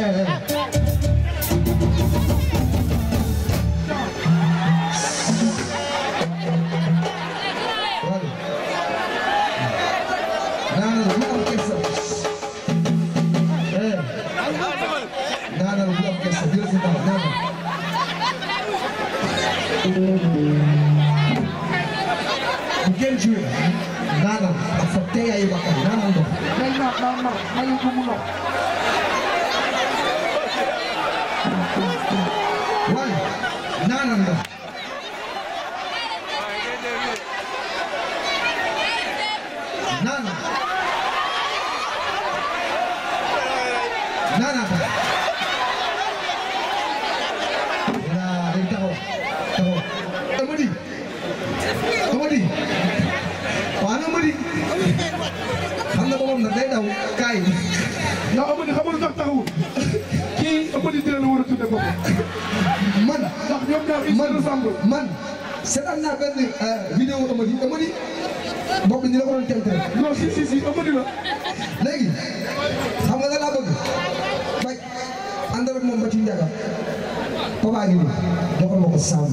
Nana, a fotei aí, e bacana, Nana. Melhor, não, não, meio como não. waaye ñaanal la ñaanal ñaanal ko waaw day taxaw taxaw Amady Amady waaw na Amady xam nga boppam nag day daw kaay na Amady xamul tax taxawul invité la war a tudde boppam man ndax ñoom ñaar ils se ressemblent man seetaan naa benn euh, vidéo Amady Amady bokk ñu la ko doon tenté non si si si Amady la léegi xam nga la laa bëgg fay àndal ak moom ba ci njaga papa gi nii doxal ma ko sàmm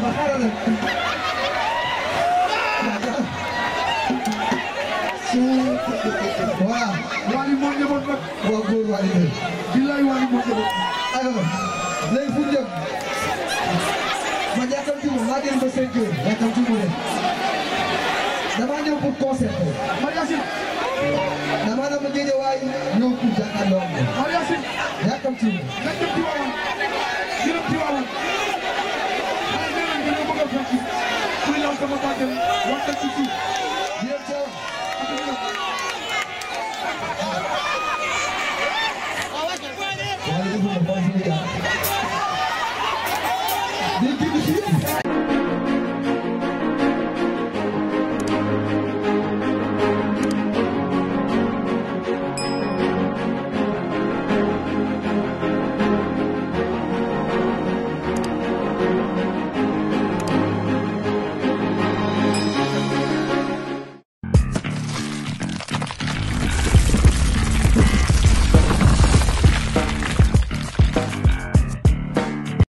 waaw waali moo ñëwoon nag waaw góor waali de billaay waali moo ñëwoon alors léegi fu jëm man yàkkamti ma maa dem ba cinq heures yàkkamti mu de dama ñëw pour concert ma yaasin dama dama géeje waay ñëw pour jàkkaarloo ma yaasin yàkkamti ma yàkkamti ma Ababadem wante tuuti yéen ca waaye defu na baax na